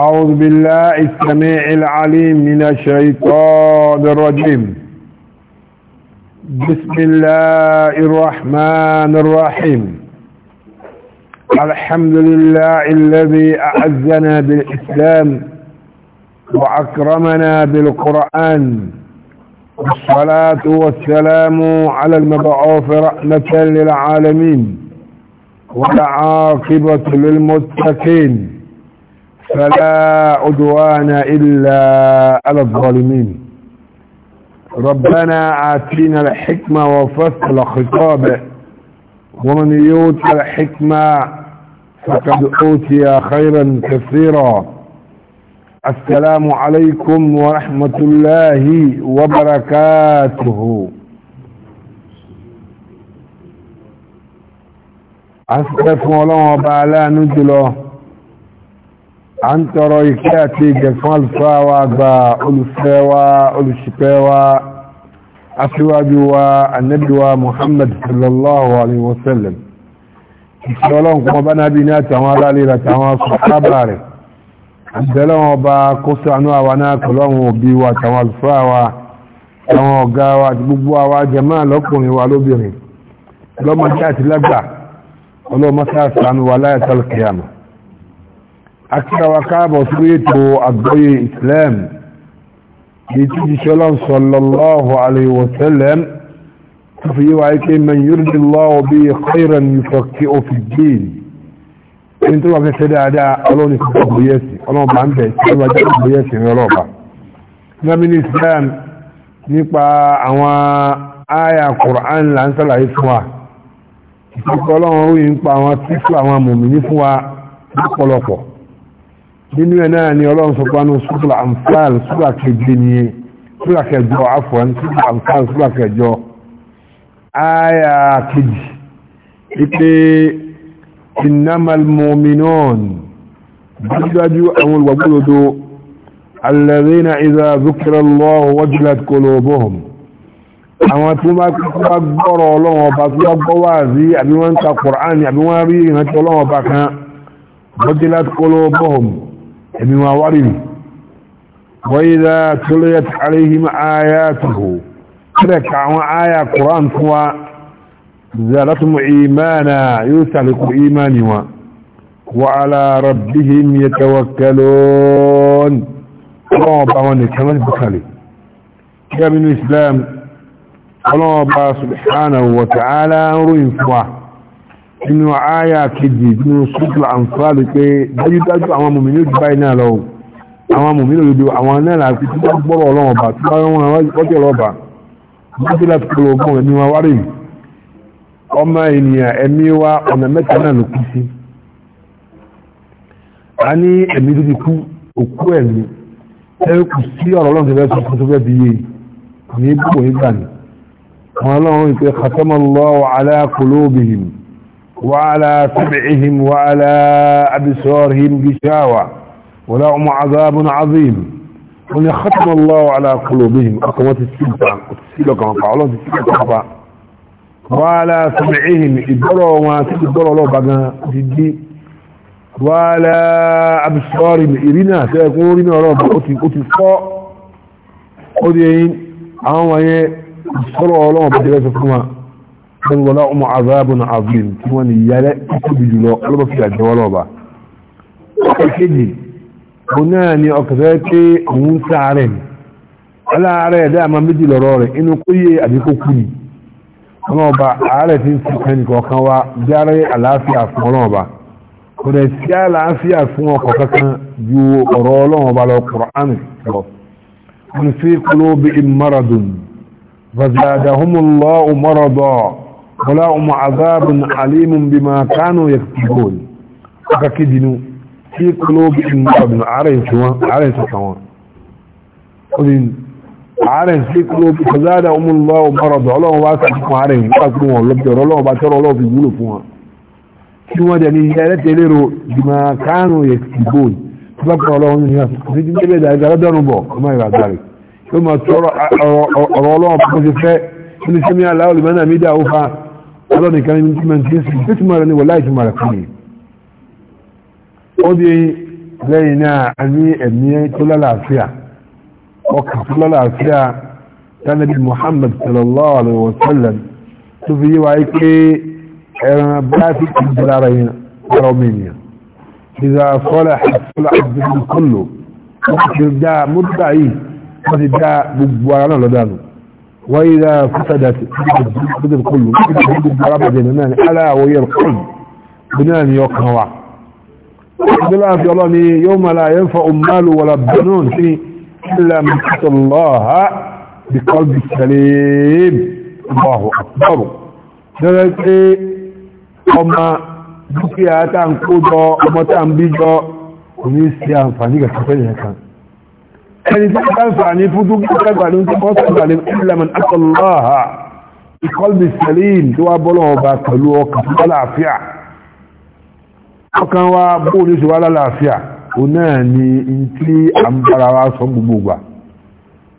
أعوذ بالله السميع العليم من الشيطان الرجيم بسم الله الرحمن الرحيم الحمد لله الذي أعزنا بالإسلام وأكرمنا بالقرآن والصلاة والسلام على المبعوث رحمة للعالمين والعاقبة للمتقين فلا عدوان إلا على الظالمين ربنا آتينا الحكمة وفصل خطابه ومن يوت الحكمة فقد أوتي خيرا كثيرا السلام عليكم ورحمة الله وبركاته أسلف الله وبعلا نجله à ń tọrọ ìkẹ́ àti ìgẹ̀ fún àlùfáà wa àgbà olùfẹ́ wa olùṣìpẹ̀ wa aṣíwájú wa ànábì wa Muhammad sallallahu alaihi wasallam ìṣẹ́ ọlọ́run kọmọ bá náà bí ní àtàwọn alálẹ́ àtàwọn sọ̀tábà rẹ̀ àbẹ̀lọ́wọ̀n ọba kó sànú àwa náà kọlọ́run òbí wa àtàwọn àlùfáà wa àwọn ọ̀gá wa àti gbogbo àwa jàmáà lọ́kùnrin wa lóbìnrin lọ́mọdé àti lágbà ọlọ́mọdé àti sànú wa láyàtọ̀ kìyàmù akíra wa káàbọ̀ sórí ètò àgbọ́yé islam èyí tí jíṣẹ́ lọ́n sallallahu alayhi wa sallam tó fi yíwa ike man yurdi Allahu bihi khayran yufaqqihu fi ddin ẹni tó wà fẹ́ fẹ́ dáadáa ọlọ́run kò gbogbo yẹ́sì ọlọ́run bá ń bẹ̀ sí ọba jẹ́ gbogbo yẹ́sì rẹ ọlọ́ba nígbàmí ní islam nípa àwọn àyà Qur'an là ń sàlàyé fún wa ìfipọ́ ọlọ́run ròyìn pa àwọn sífù àwọn mùmìnì fún wa lọ́pọ̀lọpọ̀ nínú ẹ̀ náà ni ọlọ́run sọ pánú súpùlà àǹfààl súpùlà kẹjọ ni súpùlà kẹjọ àfọ̀n súpùlà àǹfààl súpùlà kẹjọ àyà kejì wípé ìnámàlmọ́mìnàn dájúdájú àwọn olùgbàgbọ́dodo alẹ́rìnà ìzà zúkìrọ̀ lọ́wọ́ wọ́júlá kọlọ́bọ̀hùn àwọn tí wọ́n bá gbọ́rọ̀ ọlọ́run ọba tí wọ́n gbọ́ wáàzí àbí wọ́n ń بما ورد وإذا تليت عليهم آياته كذلك عن آية قرآن كوا زالتهم إيمانا يسلك إيمانا وعلى ربهم يتوكلون الله بأواني كما تبخلي يا من الإسلام أبعى سبحانه وتعالى أمر إنفواه nínú àyà kejì nínú sùkúlù àǹfààní pé dájúdájú àwọn mòmìnì òdì báyìí náà lọ àwọn mòmìnì òdì àwọn náà láti tí wọ́n gbọ́rọ̀ ọlọ́run ọba tí wọ́n wọ́jọ́ ọlọ́ba wọ́jọ́ láti kọ́ ogun ẹ̀mí wa wárẹ̀ ọmọ ènìyàn ẹ̀mí wa ọ̀nà mẹ́ta náà ló kú sí a ní ẹ̀mí tó ti kú òkú ẹ̀mí ẹ kù sí ọ̀rọ̀ ọlọ́run tó وعلى سمعهم وعلى أبصارهم غشاوة ولهم عذاب عظيم وإن ختم الله على قلوبهم أقوات السلطة وتسيلك وقالوا تسيلك وعلى سمعهم إدروا ما تدروا له بقى جدي وعلى أبصارهم إرنا سيكون لنا رب أتي أتي فاء أدين عوان يسروا الله بجلسة كمان قال ولا أم عذاب عظيم كمان يلا بجلو قلب في الجوال وبا كذي هنا ني أكذاتي موسى عرين على عرين دائما بدي لروري إنه كوي أبيكو كوني أنا وبا عرين تنسي كانك وكان وجاري العافية أفهم أنا وبا kòdà sí àlàáfíà fún ọkọ̀ kankan ju ọ̀rọ̀ ọlọ́run ọba lọ kùrán lọ wọn fi kúló bí maradun fàzàdàhùnmùlọ́ ọmọrọ̀dọ̀ ولهم عذاب عليم بما كانوا يكتبون فكدنوا في قلوبهم مرض عرفتوا عرفتوا قلن عرف في قلوب فزادهم الله مرض ولهم واسعكم عرفتوا واسعكم ولبجر الله وباتر الله في قلوبهم شو هذا اللي يلتلروا بما كانوا يكتبون تبقى لهم الناس في جميع ذلك غدروا بوك ما يرى ذلك ثم ترى الله بخزفاء من سمع الله لمن أميده فعلا ọlọ́ni kan ní tí mẹ́ntì sí tí tí mara ní wọ́n láì tí mara kú ní ó di lẹ́yìn náà a ní ẹ̀mí tó lálàáfíà ọkà tó lálàáfíà tánàbí Muhammad sallallahu alaihi wa sallam tó fi yíwa pé ẹran bá fi kí dára yẹn ara omi ènìyàn ìzà sọ́lá àtúlá àbúrú kọlù wọ́n ti dá mọ́tà yìí wọ́n ti dá gbogbo ara náà lọ́dà nù وإذا فسدت بدل كل بدل كله على وهي القلب بنان يقهوى بالله في الله يوم لا ينفع مال ولا بنون فيه إلا من أتى الله بقلب سليم الله أكبر ذلك أما dúkìá tá ń kó jọ ọmọ tá ń bí jọ ẹni tí ká ń fà ní fúdú gbẹ́gbà ní tí wọ́n sọ̀rọ̀ ní ìlàmì akọlọ́ha ìkọlbì sẹ́lẹ̀m tó wá bọ́lọ̀ ọba pẹ̀lú ọkàn tó wá láàfíà ọkàn wa bó ní ṣe wá láàfíà òun náà ni n tí a ń bára wa sọ gbogbo gbà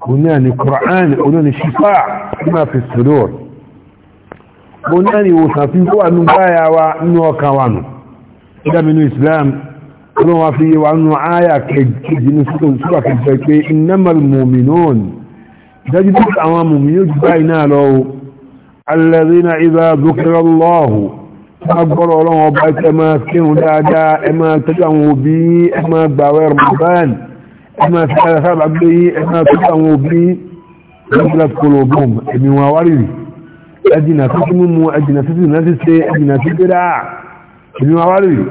òun náà ni Qur'an òun náà ni ṣífà tí máa fi sùdúr òun náà ni ìwòsàn tí wà nù báyà wa nínú ọkàn wa nù ọlọ́run wá fi yé wa nù áyà kejì ní sùúrà kejì pé innamal mu'minun dájú tó àwọn mòmìnì ojú báyìí náà lọ o alladhina idha dhukira Allahu agbọ́rọ̀ ọlọ́run ọba ẹ máa kírun dáadáa ẹ máa tọ́jú àwọn òbí ẹ máa gbàwẹ̀ Ramadan ẹ máa fi ara sábà gbé yí ẹ máa tọ́jú àwọn òbí lọ́gbọ́n kọlọ̀ bọ́m ẹ̀mí wọn wárìrì ẹ̀jìnà tó tún ẹ̀jìnà tó náà ti ṣe ẹ̀jìnà tó dáa ẹ̀mí wọn wárìrì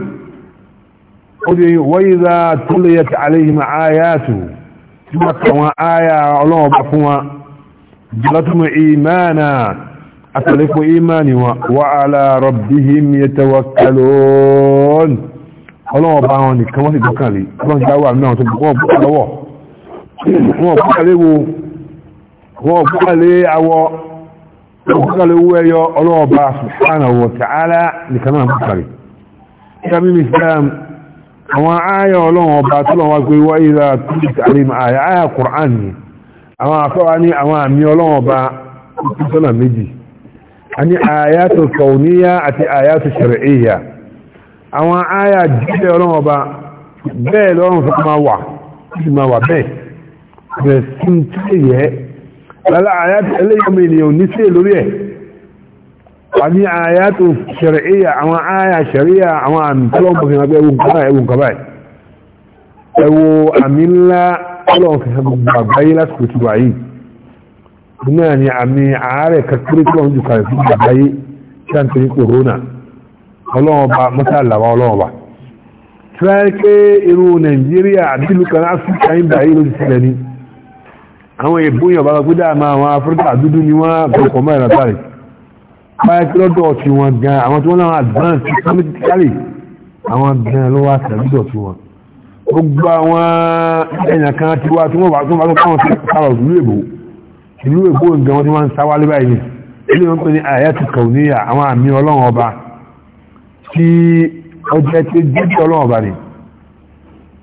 قولي وإذا تليت عليهم آياته تبقوا آية الله بقوا جلتهم إيمانا أتلفوا إيماني وعلى ربهم يتوكلون الله بقواني كما تتوكل لي الله جاوة منهم تبقوا بقوا wọ́n kọ́kàléwò wọ́n kọ́kàlé àwọ̀ kọ́kàléwò ẹyọ ọlọ́ọ̀bá subhanahu wa ta'ala nìkanáà kọ́kàlé. ìsàmì islam àwọn ayọ̀ ọlọ́run ọba tó lọ́wọ́ pé wá ìlà tílìtì alim àyà àyà kùrán ni àwọn afẹ́wà ní àwọn àmì ọlọ́run ọba ìpínlẹ̀ méjì a ní àyà tó kàuníyà àti àyà tó ṣẹ̀rẹ̀ẹ́yà àwọn àyà jílẹ̀ ọlọ́run ọba bẹ́ẹ̀ lọ́rùn fún ma wà sí ma wà bẹ́ẹ̀ bẹ̀ẹ̀ wani ayatu shari'iyya awon aya shari'iyya awon amintolon bakin abu ewu nkaba ewu nkaba ewu amilla olon ka sabu babbayi lati ko ti ba yi duna ni ami aare kakiri tolon ju ka sabu babbayi shan tiri korona olon ba mata lawa olon ba tirake iru nigeria abilu kan afirka yin bayi lo ti sile ni awon ebunyo ba gbuda ma awon afirka dudu ni wọn kọkọ mẹ́rin látàrí báyẹ̀ kí lọ́dọ̀ ọ̀tí wọn gan àwọn tí wọ́n náà advance economically àwọn gan ló wá tàbídọ̀ tí wọn gbogbo àwọn ẹ̀yàn kan ti wá tí wọ́n wà tó wà tó káwọn sára ìlú èbó ìlú èbó nǹkan wọn tí wọ́n ń sáwá lé báyìí ilé wọn pè ní àyà ti kàù níyà àwọn àmì ọlọ́run ọba tí ọjọ́ ti jẹ́bi ọlọ́run ọba ni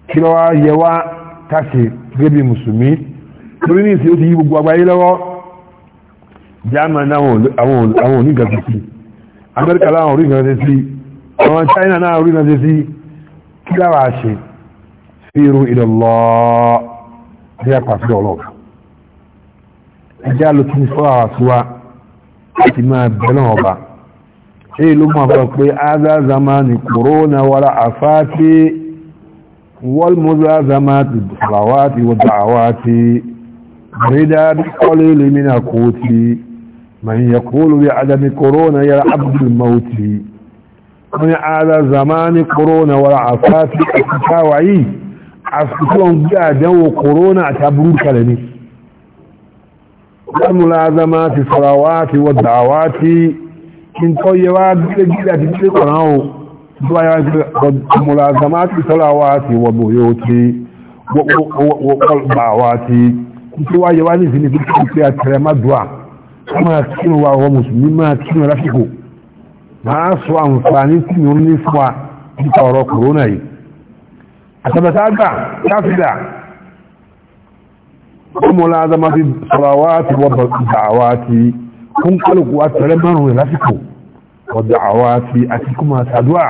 kí lọ́wọ́ yẹ wá tàṣe gẹ́gẹ́ bí mùsùlùmí torí ní ìsìn ó ti yí gbogbo àgbáyé lọ́wọ́ Germany àwọn onígan ti sí Amẹ́ríkà láwọn onígan ti sí àwọn China náà onígan ti sí kí láwàá ṣe fíru ìdọ̀lọ́ bí apàṣẹ ọlọ́ọ̀gá ẹjá ló tún fọ́ àwàsíwá láti máa bẹ̀rẹ̀ ọba èyí ló máa fọ́ pé azazama ni corona wàrà àfáàtí wọ́lmọ́zazama ti bùsàwá ti wọ́dàwá ti rídá kọ́lé lèmínà kó ti من يقول بعدم كورونا يا عبد بالموت من على زمان كورونا والعفاف التكاوعي عفتهم بأدو كورونا اعتبروا كلمي والملازمات الصلوات والدعوات ان طيبات بلجلة بلقناه ملازمات الصلاوات والبيوت والدعوات كنت واجباني في نفسك في الترمى الدعوات máa kírun wa ọwọ́ mùsùlùmí máa kírun lásìkò máa sọ àǹfààní tí yóò ní fún wa nípa ọ̀rọ̀ kòrónà yìí àtàbàtà àgbà káfídà ọmọlá adama ti sọ̀rọ̀ àwa ti wọ́n bọ̀ ìgbà àwa ti fún kálukú wa tẹ̀lé márùn rẹ̀ lásìkò ọ̀dọ̀ àwa ti àti kúmọ̀ àtàdúà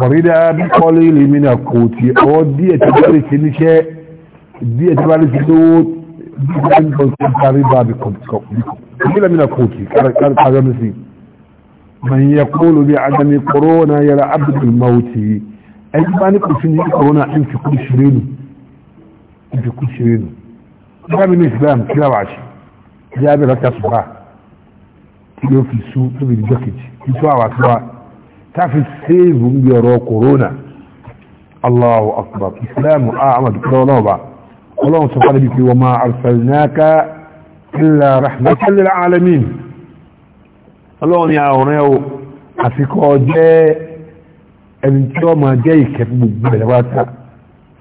bọ̀rídà bí kọ́lé lèmi nà kò tí ọwọ́ díẹ̀ tí bá lè ṣe níṣẹ́ díẹ̀ tí bá lè ṣe lówó bíbélì kan tó kárí bá bí kọ̀ọ̀kọ̀ ìmílẹ̀ mi nà kóòtù kárí kárí mi sí man yẹ kóòlù bí adami kòrónà yẹra abdul mawuti ẹni bá ní kò sí ní kòrónà ìfi kú ṣirénu ìfi kú ṣirénu bá mi ní islam kíra wá sí ìyá abẹ́ lọ́tà sùgbà tí ló fi sú tóbi ìjọ kejì ìtú àwọn àti wa táfi séèvù ń bí ọ̀rọ̀ kòrónà allahu akbar islam ahmad kúrọ́nà ọba. اللهم سبحانه بك وما أرسلناك إلا رحمة للعالمين اللهم يا أونيو أفكو جاء ẹnitọ́ máa jẹ́ ìkẹ́ gbogbo ẹ̀rẹ́ wá ta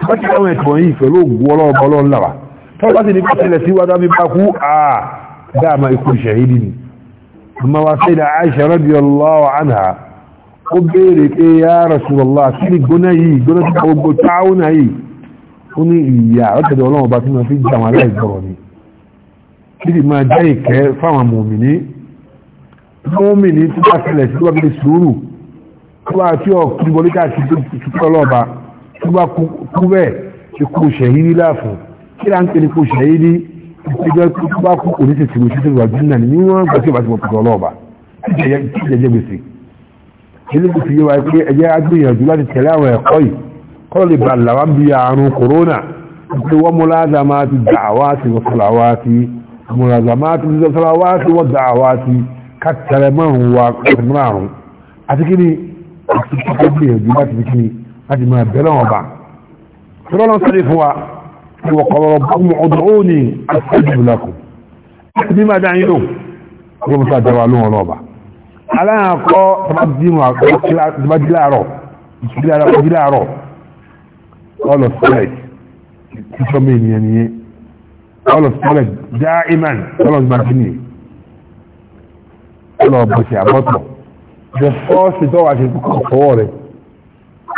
tọ́jú àwọn ẹ̀tọ́ yìí pẹ̀lú ògùn ọlọ́ọ̀bọ ọlọ́ọ̀lára tọ́jú láti ní kí ṣẹlẹ̀ síwájú bí bá kú àà dáàmà ikú ṣẹ̀hídì ni amma wa sai da aisha radiyallahu yìí gbóná tí gbogbo fún ní ìyà ọ̀tẹ̀dọ̀ ọlọ́run ọba tí wọ́n fi jà wọn aláìgbọ̀rọ̀ ni kíbi máa jẹ́ ìkẹ́ fáwọn mòmìnì mòmìnì tí wọ́n ṣẹlẹ̀ sí wọ́n fi sùúrù tí wọ́n ti ọ̀kú wọlé káàkiri tó ti tọ́ lọ́ba tí wọ́n kú bẹ́ẹ̀ ikú ṣẹ̀yìrì láàfún kí là ń pè ní ikú ṣẹ̀yìrì ìpéjọ tí wọ́n kú kò ní tètè lóṣù tó wà jùlọ ní kọ́lì bàlàwà bí àrùn kòrónà pé wọ́n múlázàmáti dàwátí wọ́n sọ́láwátí múlázàmáti wọ́n sọ́láwátí wọ́n dàwátí kàtàrẹ márùn-ún àti kí ni àti kíkọ́ gbìyànjú láti fi kí ni láti máa bẹ̀rẹ̀ wọn bá tọ́lọ́nà sọ́lẹ̀ fún wa tí wọ́n kọ́ aláàkọ́ tọ́bájíláàrọ̀ ìṣẹ́lẹ̀ àrọ̀ all of knowledge títọ́ mi ènìyàn nìyẹn all of knowledge dá iman ọlọ́run máa fi nìyẹn ọlọ́run bọ̀ sí àbọ̀tọ̀ the first thing tó wà ṣe kọ́ fọwọ́ rẹ̀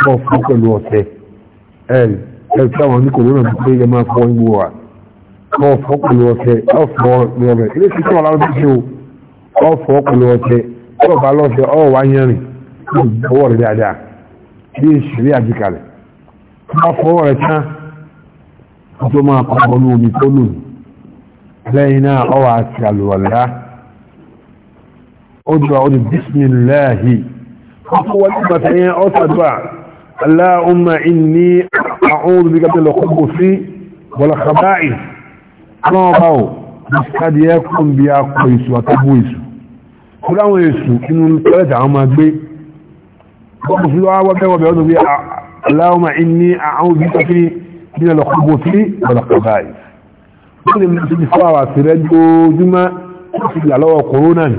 kọ́ fún pẹ̀lú ọ̀tẹ̀ ẹ̀l ẹ̀l tí àwọn oníkòwé náà ti pé ẹ máa fọwọ́ ìgbò wa kọ́ fọ́ pẹ̀lú ọ̀tẹ̀ ẹ̀ fọ́ rẹ̀ ilé tí sọ̀rọ̀ lábẹ́ ṣe o ọ̀ fọ́ pẹ̀lú ọ̀tẹ̀ ọ̀bá lọ́sẹ̀ ọ̀ wá yẹn rìn ọwọ́ rẹ̀ dáadáa bí ìṣẹ̀lẹ̀ àjíkalẹ̀ bá fọwọ́ rẹ̀ tán tó máa kọ̀kọ́ ní omi tó lù lẹ́yìn náà ọwà àti àlùwàlá ó dùwà ó di bísmìláhì ó tó wọlé bàtà yẹn ó tàdùà aláhùnmá ìní àhóòrùn àwọn máa gbé bọ́ọ̀mù sí wá wọ́bẹ̀wọ̀bẹ̀ ọdún bí اللهم إني أعوذ بك في من الخبث والخبائث wọ́n lè mẹ́sí ti fáwà sí rẹ̀ lójúmọ́ sí ìyà lọ́wọ́ kòrónà ní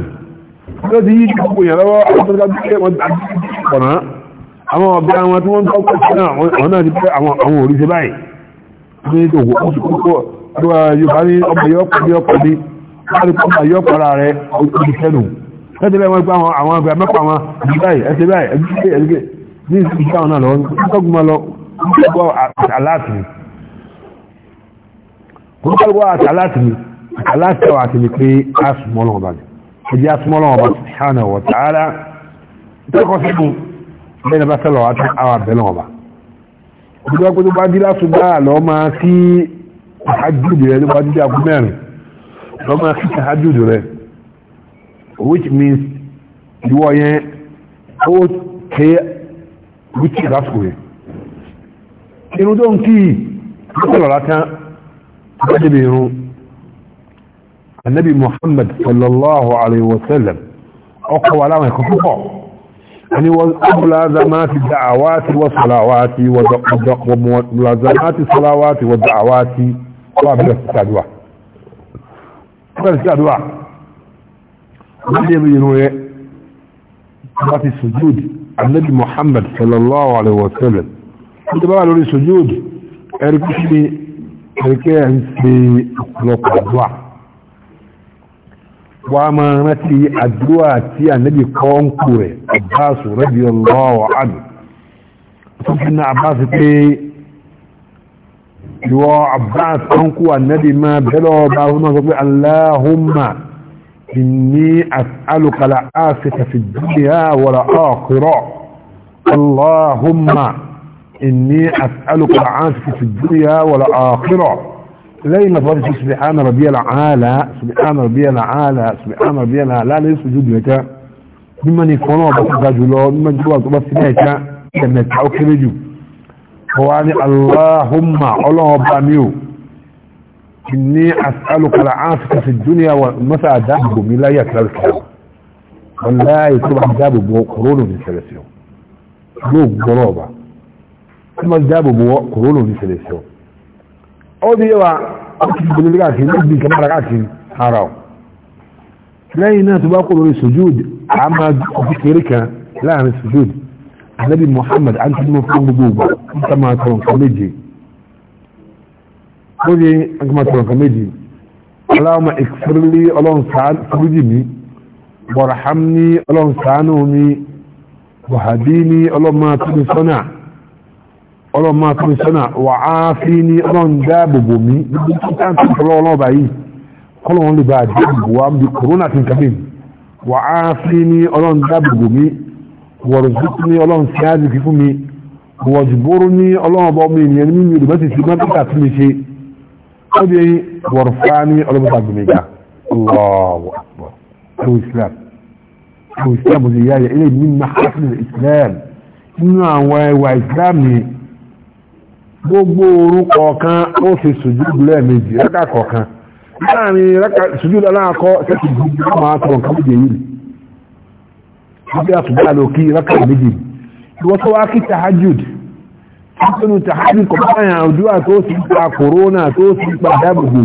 ló ti yí gbogbo ìyà lọ́wọ́ ọ̀nà àwọn ọ̀bẹ àwọn tí wọ́n ń tọ́kọ̀ sí náà wọ́n náà ti pẹ́ àwọn òrìṣẹ́ báyìí ní ìtòkò oṣù púpọ̀ lọ́wọ́ yorùbá ní ọbẹ̀ yọ́pọ̀ ní ọkọ̀ ní wọ́n ti pọ̀ yọ́pọ̀ ara rẹ̀ oṣù kẹ́nu lẹ́tẹ̀lẹ́ wọn gbá àwọn àgbẹ̀ mẹ́pàá wọn báyìí ẹsẹ̀ báyìí ẹgbẹ́ ní ìṣẹ́ ọ̀nà lọ ọgbọ́gbọ́ lọ gbogbo àtàláàtì ni gbogbo àtàláàtì ni àtàláàtì ọ̀wà ti ni pé asùmọ́lọ́wọ́ba ni ẹjẹ́ asùmọ́lọ́wọ́ba ṣáàna wọ̀ tààrà tẹ́kọ̀ sí fún bẹ́ẹ̀ bá sẹ́lọ̀ àti àwà bẹ́lọ́wọ́ba ọdún ọgbọ́n tó bá dí lásùgbà lọ which means ìwọ yẹn ó ké bí tí ìdásùkò yẹn irun tó ń kí lọ́pọ̀lọ́ látán lọ́dẹ̀bẹ̀ irun annabi muhammad sallallahu alaihi wasallam ọkọ̀ wà láwọn ẹ̀kọ́ púpọ̀ wani mulazamati da'awati wa salawati wa mulazamati salawati wa da'awati wa bí ọ̀sẹ̀ sàdúwà ọ̀sẹ̀ sàdúwà lọ́dẹ̀bẹ̀ irun rẹ̀ láti sùjúdì النبي محمد صلى الله عليه وسلم كنت بقى لوري سجود اركشني اركان في اطلاق الدعاء وامانتي الدعاء تي النبي قوم كوري عباس رضي الله عنه سبحان عباس تي يوا عباس قوم النبي ما بلو باهما اللهم إني أسألك لآسك في الدنيا ولا آخرة اللهم إني أسألك لآسك في الدنيا ولا آخرة لين فرج سبحان ربي العالى سبحان ربي العالى سبحان ربي العالى لا يسجد لك ممن يكون وضعك جلو ممن جوا تبص لك كما تعوك رجو هو يعني اللهم الله باميو إني أسألك العافية في الدنيا ومتى دابه من لا يكلم الكلام والله طبعا دابه قرون من ثلاث يوم لوك ضرابة ثم دابه قرون من ثلاث يوم أودي يوا أكتب من الغاكي نبي كما رغاكي هاراو تلاقي ناس باقولوا لي سجود عما فكرك لا عن السجود النبي محمد أنت المفروض بجوبة أنت ما ترون كميجي ó ní agbátọ̀rọ̀ kan méjì aláwọ̀mọ̀ ìfúrúlé ọlọ́nsàánújì mi bọ̀rọ̀hám ní ọlọ́nsàánú mi bọ̀hàdí ní ọlọ́mọ tóbi sọ́nà wà á fi ní ọlọ́ndáàbòbò mi níbi tí ká ń tó fọlọ́ ọlọ́ọ̀bà yìí kọ́lọ̀wọ́n lè bá àdébò wa bí kòrónà ti ń kàmí wà á fi ní ọlọ́ndáàbòbò mi wọ̀rọ̀sùkú ní ọlọ́nsíáàdì fífún mi wọ̀jùbóró mi ènìyàn قدي غرفاني علم تقميقا الله أكبر هو إسلام هو إسلام وزيادة islam من محافل الإسلام إنه وإسلامي gbogbo orun kọọkan ó fi sùjúdù lẹ́ẹ̀mejì rákà kọ̀ọ̀kan láàrin rákà sùjúdù aláàkọ́ sẹ́kì gbogbo ọmọ àtọ̀rọ̀ kan méjì yìí wọ́n bí àtúgbà lókì rákà méjì wọ́n tó wá nínú tàbí kọ̀páyà òdúwà tó sì ń pa kòrónà tó sì ń pa dábòbò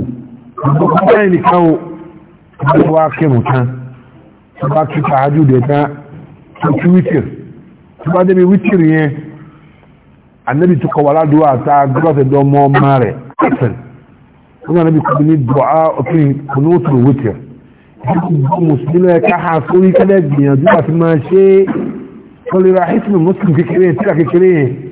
kọ̀páyà nìkan o tó wá kírun tán tó bá kí fàájú dẹ̀ tán tó kí wítìr tó bá débi wítìr yẹn annabi tó kọwà ládùúwà tá a gọ́sẹ̀ dán mọ́ ọmọ rẹ̀ ẹ̀sìn tó náà níbi kọ́bi ní dùá òfin kùnúùtù wítìr gbogbo mùsùlùmí ẹ̀ ká ha sórí kẹ́lẹ́ gbìyànjú àti máa ṣe kọ́lera hísìmù mùsùlùmí kékeré tíra kékeré yẹn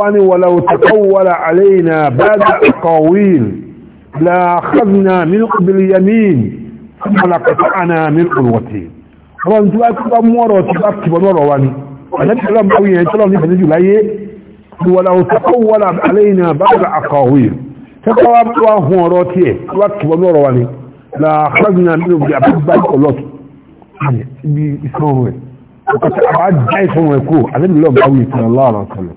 wani walau takawwala alaina bada qawil la akhadna minhu bil yamin thumma la qata'na minhu al watin ron tu ak ba moro ti ba ki bonoro wani ana ti ron bawi en tolon ni fani julaye walau takawwala alaina bada qawil takawa wa horo ti e wa bonoro wani la akhadna minhu bi abba kolot bi isan ko ta ba dai fun we ko alabi lo bawi sallallahu alaihi wasallam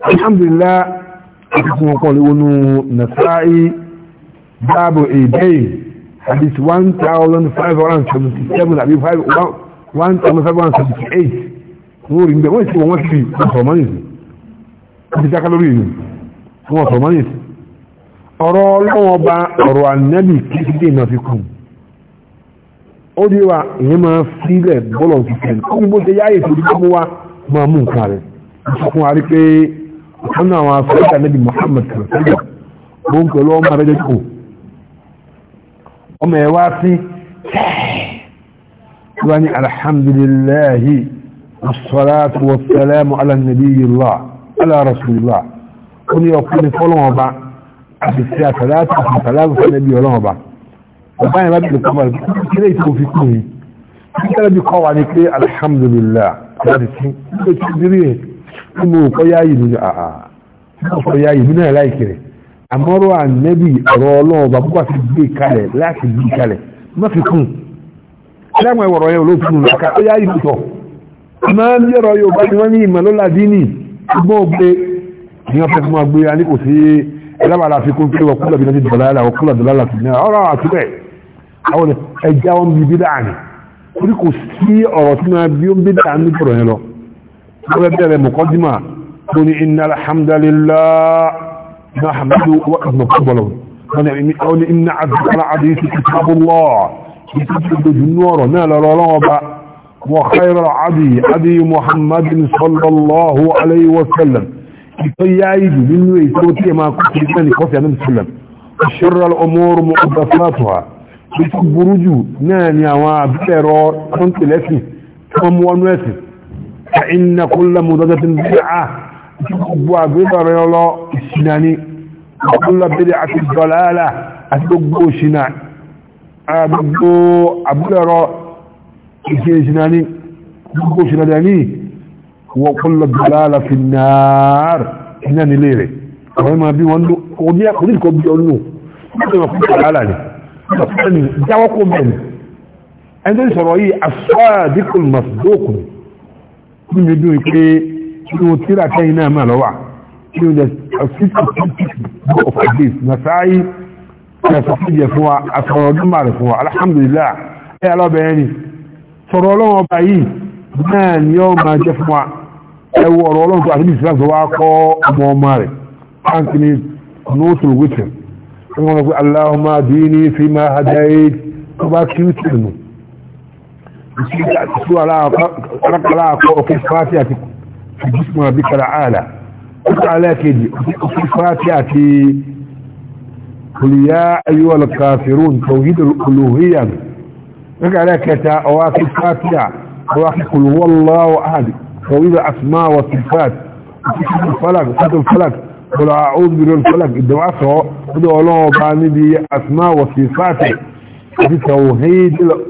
alhamdulillah ati kun kan le wonu nasa'i babu idai hadith 1577 abi 1578 wori nbe wọ́n ti wọ́n fi performance ti ta kalori ni wọ́n performance ọ̀rọ̀ Ọlọ́hun Ọba ọ̀rọ̀ Ànábì kidi na fi kun ó di wa ìyẹn máa fílẹ̀ bọ́lọ̀ ti tẹ̀ ní ọgbọ́n tó yáyè tó dúpọ́ wá máa mú nǹkan rẹ̀ fún wa rí ọ̀nà àwọn afẹ́ríkà níbi Muhammad kìrìsìlẹ̀ ó ń pẹ̀lú ọmọ rẹ̀ jẹ́kọ̀ ọmọ ẹ̀ wá sí wá ní alhamdulillahi assalatu wassalamu ala nabiyillah ala rasulillah ó ní ọkùnrin fọ́lọ́wọ́n ọba àti sí àtàlátà àtàlátà fún ẹbí ọlọ́wọ́n ọba ọba yẹn bá bẹ̀rẹ̀ kọ́mọ̀ rẹ̀ kí lè tó fi kú yìí kí lè bí kọ́ wa ní pé alhamdulillah láti sí ó ti dirí kí mo kọ́ yáyì nínú àà mo kọ́ yáyì nínú ẹ̀ láìkiri àmọ́rọ̀ ànẹ́bì ọ̀rọ̀ ọlọ́ọ̀bà púpà ti gbé kalẹ̀ láti gbé kalẹ̀ má fi kún ẹlẹ́mọ̀ ẹ̀wọ̀rọ̀ yẹn olóòtú nù láka ó yáyì lùtọ̀ máa ń yọ̀rọ̀ Yorùbá ni wọ́n ní ìmọ̀lọ́lá dínì gbọ́n gbé ní wọ́n fẹ́ fún wa gbé alẹ́ kò sí ẹlẹ́bàá láti kún pé wọ́kúlọ̀ bí lọ́dún dọ̀lá yàrá wọ́kúlọ̀ dọ̀lá láti ní ọ̀rọ̀ àtúbẹ̀ àwọn ẹja wọn bí bí dáa ni orí kò sí ọ̀rọ̀ tí wọ́n bí ó ń bí dáa ní bọ̀rọ̀ yẹn lọ وبدأ مقدمة قل إن الحمد لله نحمده ونقبله قل إن عبد العزيز كتاب الله يتجد جنور نال رلابة وخير العدي عدي محمد صلى الله عليه وسلم يتيايد منه يتوتي ما كنت لمن قفي عنه وسلم شر الأمور مؤدفاتها يتبرجو نانيا وابترور كنت لسي كم ونوسي فإن كل مضادة بدعة تبقى بدر يلا السناني وكل بدعة الضلالة أتبقى شناء أبقى أبقى شناني أبقى شناني وكل الضلالة في النار إنني ليلي وما بي وندو ودي أخذ لكم بيقولوا ما كنت الضلالة جاوكم مني عندما سرعي الصادق المصدوق ní mi dùn pé kí wọ́n tíra tẹ́yìn náà mà lọ́wà kí wọ́n jẹ́ book of hadith nasaayi nasaayi fún wa asọ̀rọ̀ ọdún márùn fún wa alhamdulillah ẹ alọ́bẹ̀ẹ́ ni sọ̀rọ̀ ọlọ́wọ́ ọba yìí náà ni yóò máa سورة لا في الفاتحة في جسم ربك العالى تعالى كده في الفاتحة قل يا أيها الكافرون توحيد الألوهية تعالى كده أواخي الفاتحة أواخي قل هو الله أحد توحيد الأسماء والصفات وكتب الفلك وكتب الفلك قل أعوذ من الفلك الدعاء قل الله باني بأسماء وصفاته في توحيد الألوهية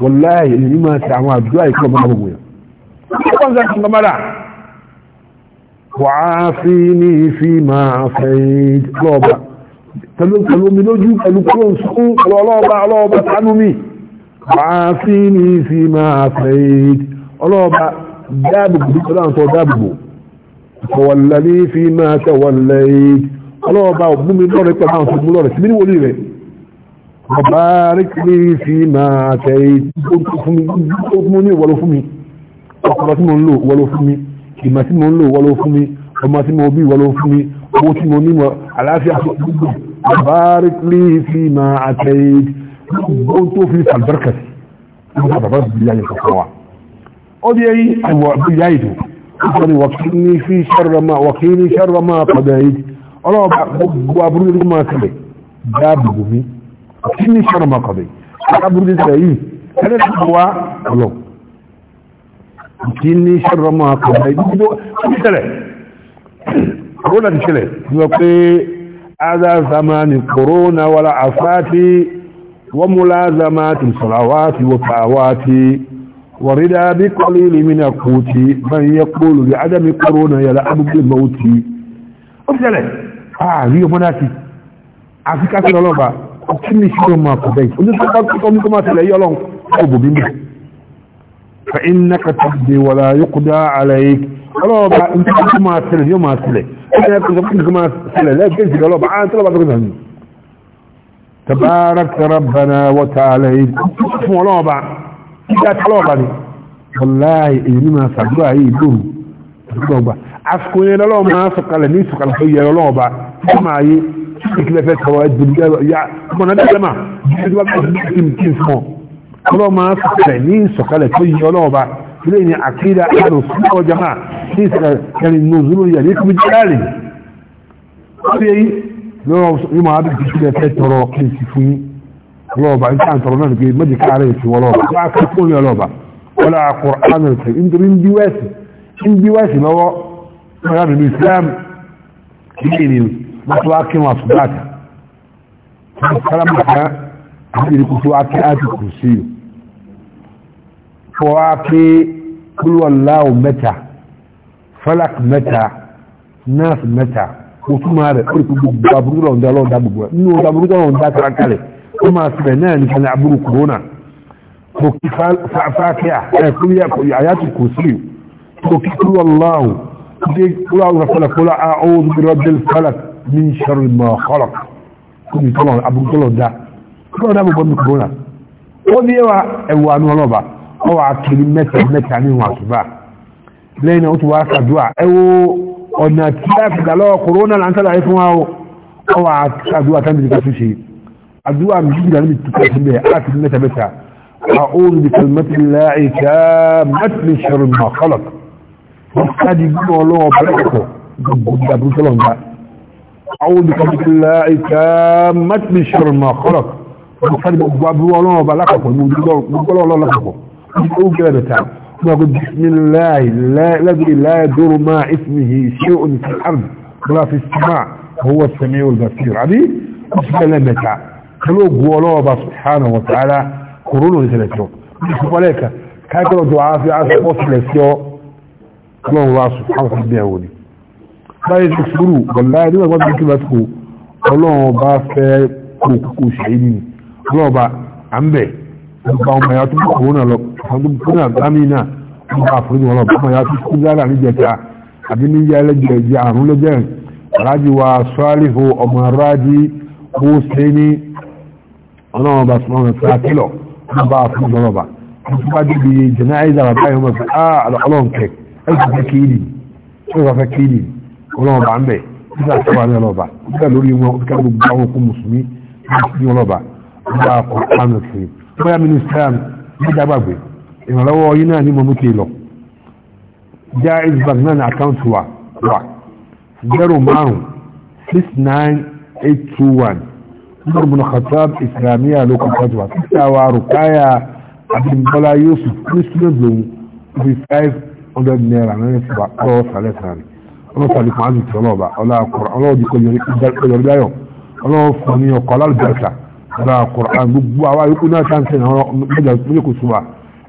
wọláyé èyí máa ṣe àwọn àdúrà ìkọ́ ọmọ gbogbo yẹn wọ́n ń sẹ́kọ̀ọ́ mọ́ra wàá fi ní fi máa fẹ́ lọ́ọ̀bà pẹ̀lú mi lójú pẹ̀lú kúrò ń sún pẹ̀lú ọlọ́ọ̀bà ọlọ́ọ̀bà sánú mi wàá fi ní fi máa fẹ́ ọlọ́ọ̀bà dáàbòbò bí kọ́lá ń sọ dáàbòbò ní fi máa tẹ̀wọ̀lẹ́ ọlọ́ọ̀bà ògbúmi lọ́rẹ̀ pẹ̀lú àwọn tó gbú lọ́rẹ̀ sí mi ní rẹ̀ وبارك لي فيما أتيت أمني فمي ọkọ̀rọ̀ tí mo ń lò wọlé fún mi ìmọ̀ tí mo ń lò wọlé fún mi ọmọ tí mo bí wọlé fún mi owó tí mo nímọ̀ àlàáfíà tó gbogbo barik li fima atayt gbogbo tó fi sàlbẹ́rẹ̀kà sí ní ọjọ́ bàbá bí yáyé tó fọwà ó di ẹyí àwọ̀ bí yáyé tó wàkíní fi sharrama wàkíní sharrama qadayt ọlọ́ọ̀bà gbogbo aburú máa tẹ̀lé dáàbò mi kí ni sọ̀rọ̀ máa kọ̀dé aláburú ti tẹ̀lé yìí ẹni tó bọ̀ wá ọ̀lọ́ kí ni sọ̀rọ̀ máa kọ̀dé ibi tó ti tẹ̀lé corona ti tẹ̀lé ti sọ pé ada zamani corona wala afaati wa mulazamati salawati wa fawati ورضا بقليل من القوت من يقول بعدم كورونا يلعب بالموت افضل اه ريو مناتي افيكا سلوبا kí ni ṣe máa kò bẹ́ẹ̀ ojú tó bá kọ́ ní kó máa tẹ̀lé yọ́ lọ́n kó bò bímọ fa iná ka tàbí wàlá yókù dá àlàyé ọlọ́ọ̀bá ní kó máa tẹ̀lé yóò máa tẹ̀lé ẹni kò sọ kó máa tẹ̀lé lẹ́gbẹ̀ẹ́ ìṣẹ̀lẹ̀ ọlọ́ọ̀bá á tẹ́lẹ̀ bá tó kọjá nù tabarak rabbana wa ta'ala fún ọlọ́ọ̀bá kíkà tọ́lọ́ọ̀bá ni wàláhì èyí máa sàdúrà yìí lóru àdúgbò ọgbà àsìkò yẹn lọ́wọ́ máa sọ̀kalẹ̀ ní ìsọ̀kalẹ̀ tó yẹ ọlọ́ọ̀bá fún máa yé kí lẹ́fẹ́ kọ́ ẹ jù yá ọmọ náà dẹ́gbẹ́ máa jíjẹ́ tí wọ́n bá ti kí n kí n fún ọ ọlọ́run máa sọ̀kalẹ̀ ní ìsọ̀kalẹ̀ tó yí ọlọ́run bá ilé ní àkídà àrò fún ọjà máa ní ìsọ̀kalẹ̀ nùzúrù yà ní kúbi jáàlì ọdún yẹn lọ́wọ́ yóò máa bẹ̀rẹ̀ kí lẹ́fẹ́ tọrọ kí bàtú wá kí wọn àfúgbàtà wọn sálámàtà àbírí kùtù wá kí áàtì kù sí i fọwọ́ kí kúlọ̀láwò mẹ́ta falak mẹ́ta nọ́ọ̀sì mẹ́ta o tún máa rẹ̀ orí gbogbo aburú lọ́wọ́ dá lọ́wọ́ dá gbogbo ẹ̀ nínú ọ̀dà aburú lọ́wọ́ dá kàrákàlẹ̀ ó máa sẹ̀rẹ̀ náà nípa ní aburú kòrónà kò kí fáfáàkíà ẹ̀ kúrúyà àyàtì kò min sharri ma khalaq kúmi tọ́lọ̀ aburú tọ́lọ̀ dá tọ́lọ̀ dá gbogbo mi kúrò náà ó ní ẹwà ẹwà anú ọlọ́ba ọ wà kiri mẹ́ta mẹ́ta ní ìwọ̀n àtúbà lẹ́yìn náà ó ti wá sàdúà ẹ wo ọ̀nà tí a fi dà lọ́wọ́ kòrónà là ń sàlàyé fún wa ọ wà sàdúà tábìlì ká túnṣe àdúà mi jìbìlà níbi tuntun sí bẹ́ẹ̀ á kiri mẹ́ta mẹ́ta أعوذ بكلمة الله تامة من شر ما خلق وقد يقول الله بركته قد يقول الله أعوذ بك الله تامة من شر ما خلق وقد أبواب الله وبلغه وقال الله لغه وقال بتاع وقل بسم الله الذي لا يدور ما اسمه شيء في الأرض ولا في السماء هو السميع البصير عبي وقال بتاع قالوا الله سبحانه وتعالى قرونه لثلاثة وقال لك كاكل دعاء في عصر وصل لسيو الله سبحانه وتعالى báyìí ti sùúrù bọ̀lá nígbà gbọ́dọ̀ bí kí bá tó ọlọ́run ọba fẹ́ kó kókó ṣàyíní ọlọ́run ọba à ń bẹ̀ nípa ọmọ ìyá tó kó kòrónà lọ àwọn tó kó kòrónà dámì náà wọ́n bá àforíjì wọn lọ bá ọmọ ìyá tó kó dáadáa ní jẹta àbí ní yá ẹlẹ́jẹ̀ ẹ̀jẹ̀ àrùn lẹ́jẹ̀ rájì wa sọ́ọ́lìhó ọmọ rájì kó ṣe ní ọlọ́run bá àforíjì wọn lọ bá wọ́n ọlọ́ọ̀bà ń bẹ̀ nígbà tí wà ní ọlọ́ọ̀bà nígbà lórí wọn kíkà gbogbo àwọn okùn mùsùlùmí ní ọlọ́ọ̀bà nígbà kọ̀ọ̀kan kiri bóyá mínísítàn nígbà gbàgbé ìrànlọ́wọ́ yín náà ní mọ̀mú kìí lọ já isbank náà ní àkáǹtì wa wà zero márùn six nine eight two one umar bin khatab islamiyya ló kọ́ kọ́tù wa sísá wa rukaya abimbola yusuf christian zone three five hundred naira náà ní sọ̀rọ̀ sálẹ̀ sáré ọlọ́pàá nípa àti ìtọ́lọ́ ọba ọlọ́kùnrin ọlọ́ọ̀dì kọjọrí láyọ̀ ọlọ́ọ̀fọ̀ ní ọkọ̀ alábẹ̀ẹ́ta ọlọ́kùnrin gbogbo àwa yòókù náà sáńtẹ̀ náà mẹ́jọ kò sùwà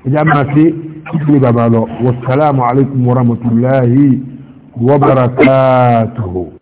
ẹjá máa ṣe ìpínlẹ̀ bàbá lọ wàsálàmù alaykum wa rahmatulahi wa barakatuhu